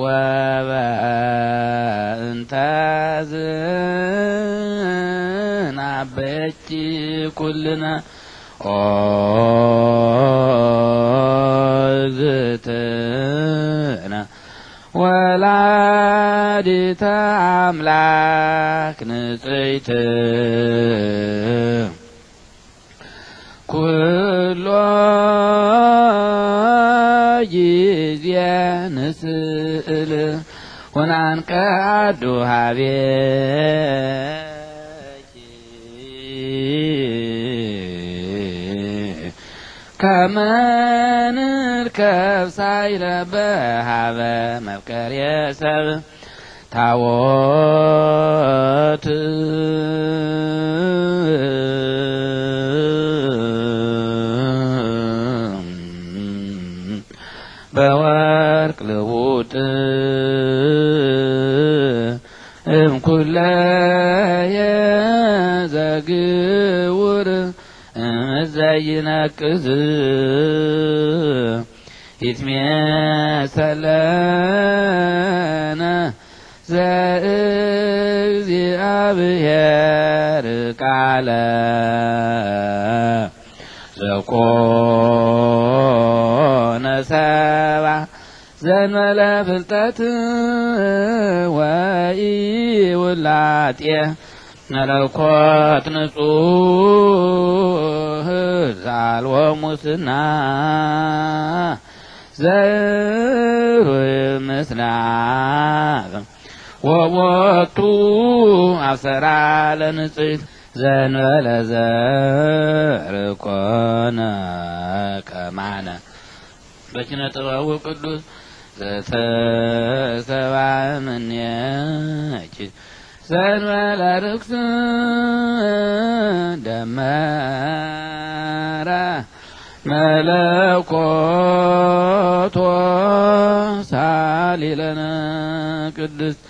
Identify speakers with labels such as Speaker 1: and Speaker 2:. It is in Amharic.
Speaker 1: ወበእንተ ዝናበኪ ኩልነ ኦ እግዝእትነ ወላዲተ አምላክ ንጽሕት ኩሎ ይዚያን ስእል ሁናን ቀዱ ሀቤ ከመንር ከብሳይለ በሃበ መብቀር የሰብ ታቦት በወርቅ ልውጥ እምኩለ የዘግውር እዘይነቅዝ ይትሜሰለነ ዘእግዚአብሔር ቃለ ዘቆ ዘመለ ፍልጠት ወይ ውላጤ መለኮት ንጹህ ዛልወ ሙስና ዘሩ ምስናብ ወወቱ አሰራ ለንጽሕት ዘንበለ ዘር ኮነ ከማነ በኪነ ጥበቡ ቅዱስ ዘተሰባምንያች
Speaker 2: ዘንበለ
Speaker 1: ርክስ ደመራ መለኮቶ ሳሊለነ ቅድስት